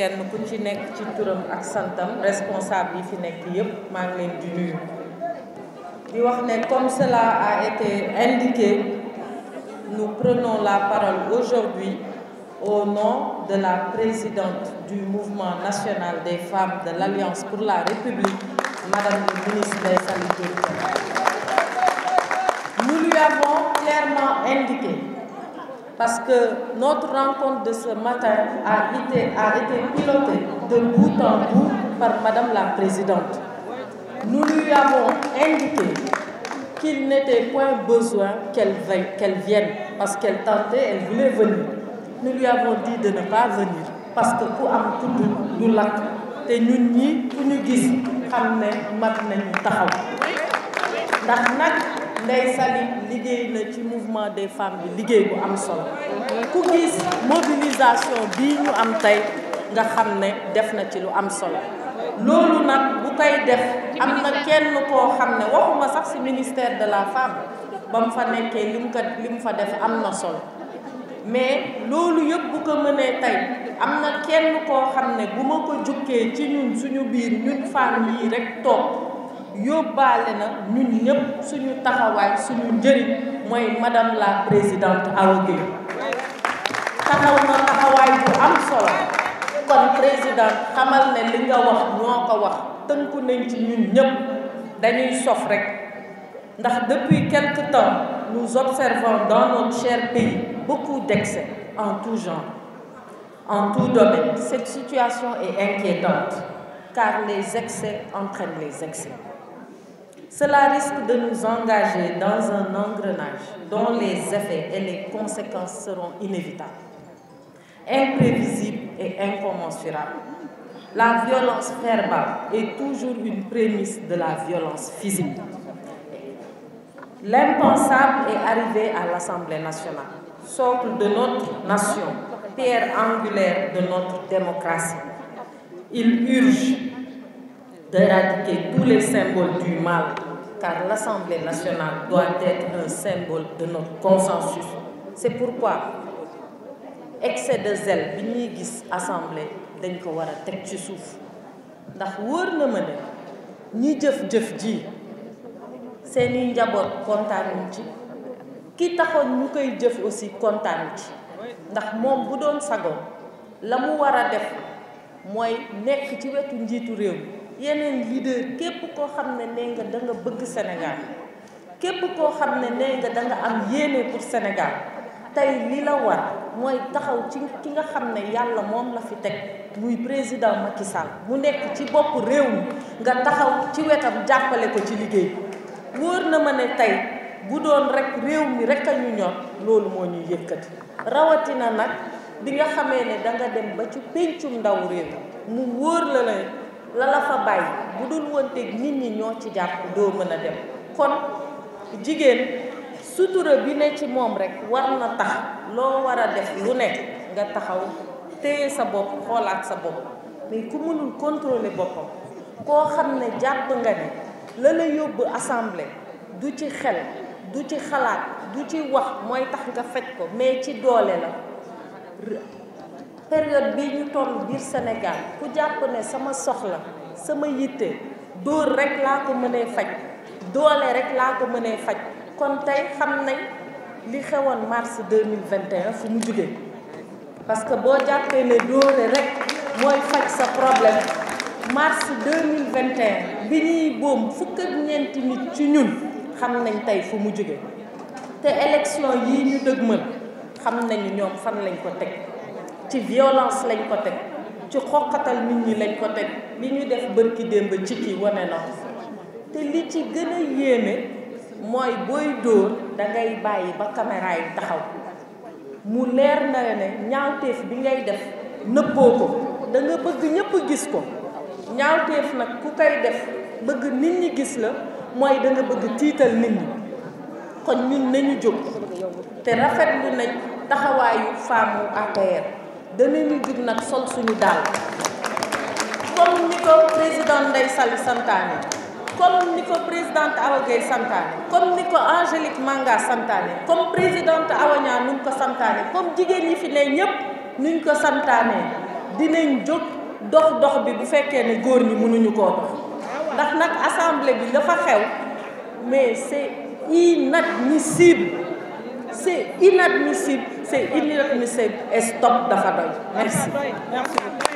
kenn ci nekk ci turam ak santam responsable yi fi nekk yépp maa ngi leen di wax ne comme cela a été indiqué nous prenons la parole aujourd'hui au nom de la présidente du mouvement national des femmes de l'Alliance pour la République madame le ministre Ndèye Saly nous lui avons clairement indiqué parce que notre rencontre de ce matin a été, a été de bout en bout par Madame la Présidente. Nous lui avons indiqué qu'il n'était point besoin qu'elle vienne parce qu'elle tentait, elle voulait venir. Nous lui avons dit de ne pas venir parce que ku am du lakk te ñun ñi ku ñu gis xam ne mat nañu taxaw Ndeye Saly liggéey na ci mouvement des femmes bi liggéey bu am solo ku gis mobilisation bii ñu am tey nga xam ne def na ci lu am solo loolu nag bu koy def am na kenn koo xam ne waxuma sax ci ministère de la femme ba mu fa nekkee li mu fa def am na sol mais loolu yëpp bu ko mënee tey am na kenn koo xam ne bu ma ko jukkee ci ñun suñu biir ñun femmes yii rek toog yóbbaale na ñun ñëpp suñu taxawaay suñu njëriñ mooy madame la présidente Awa Gueye na taxawaay bu am solo kon président xamal ne li nga wax ñoo ko wax tënku nañ ci ñun ñëpp dañuy sof rek ndax depuis quelque temps nous observons dans notre cher pays beaucoup d'excès en tout genre en tout domaine cette situation est inquiétante car les excès entraînent les excès Cela risque de nous engager dans un engrenage dont les effets et les conséquences seront inévitables, imprévisibles et incommensurables. La violence verbale est toujours une prémisse de la violence physique. L'impensable est arrivé à l'Assemblée nationale, socle de notre nation, pierre angulaire de notre démocratie. Il urge d'éradiquer tous les symboles du mal, car l'Assemblée nationale doit être un symbole de notre consensus. C'est pourquoi excès de zèle bi ñuy gis assemblée dañ ko war a teg ci suuf ndax wër na ma ne ñi jëf-jëf ji seeni njaboot kontaan ci ki taxoon ñu koy jëf aussi kontaan ci ndax moom bu doon sagoon la mu war a def mooy nekk ci wetu njiitu réew mi yeneen leader képp koo xam ne nee nga da bëgg Sénégal képp koo xam ne nee nga da am yéene pour Sénégal tey li la war mooy taxaw ci ki nga xam ne yàlla moom la fi teg muy président Macky Sall mu nekk ci bopp réew mi nga taxaw ci wetam jàppale ko ci liggéey wóor na ma ne tey bu doon rek réew mi rek a ñu ñor loolu moo ñuy yëkkati rawatina nag bi nga xamee ne da dem ba ci péncum ndaw réew mu wóor la la la la fa bàyyi bu dul wanteeg nit ñi ñoo ci jàpp doo mën a dem kon jigéen sutura bi ne ci moom rek war na tax loo war a def lu ne nga taxaw te sa bopp xoolaat sa bopp mais ku mënul contrôler boppam koo xam ne jàpp nga ne la la yóbbu assemblée du ci xel du ci xalaat du ci wax mooy tax nga faj ko mais ci doole la période bi ñu toll biir Sénégal ku jàpp ne sama soxla sama yitte dóor rek laa ko mënee faj doole rek laa ko mënee faj kon tey xam nañ li xewoon mars 2021 fu mu jugee parce que boo jàppee ne doole rek mooy faj sa problème mars 2021 bi ñuy boom fukk ak ñeenti nit ci ñun xam nañ tey fu mu jugee te élection yii ñu dëgmal xam nañu ñoom fan lañ ko teg ci violence lañ ko teg ci xoqatal nit ñi lañ ko teg li ñu def bërki démb ci kii wane na te li ci gën a yéeme mooy booy dóor da bàyyi ba caméra yi taxaw mu leer na ne ñaawteef bi ngay def nëbboo ko da bëgg ñëpp gis ko ñaawteef nag ku koy def bëgg nit ñi gis la mooy da bëgg tiital nit ñi kon ñun nañu jóg te rafetlu nañ taxawaayu femme APR danañu jug nag sol suñu daal comme ni ko président Ndeye santaane comme ni ko présidente Awa Gueye santaane comme ni ko Angélique Manga santaane comme présidente Awa Niang nuñ ko santaane comme jigéen yi fi ne ñëpp nuñ ko santaane dinañ jóg dox dox bi bu fekkee ne góor ñi mënuñu koo dox ndax nag assemblée bi dafa fa xew mais c'est inadmissible c'est inadmissible c'est inadmissible et stop dafa doy merci.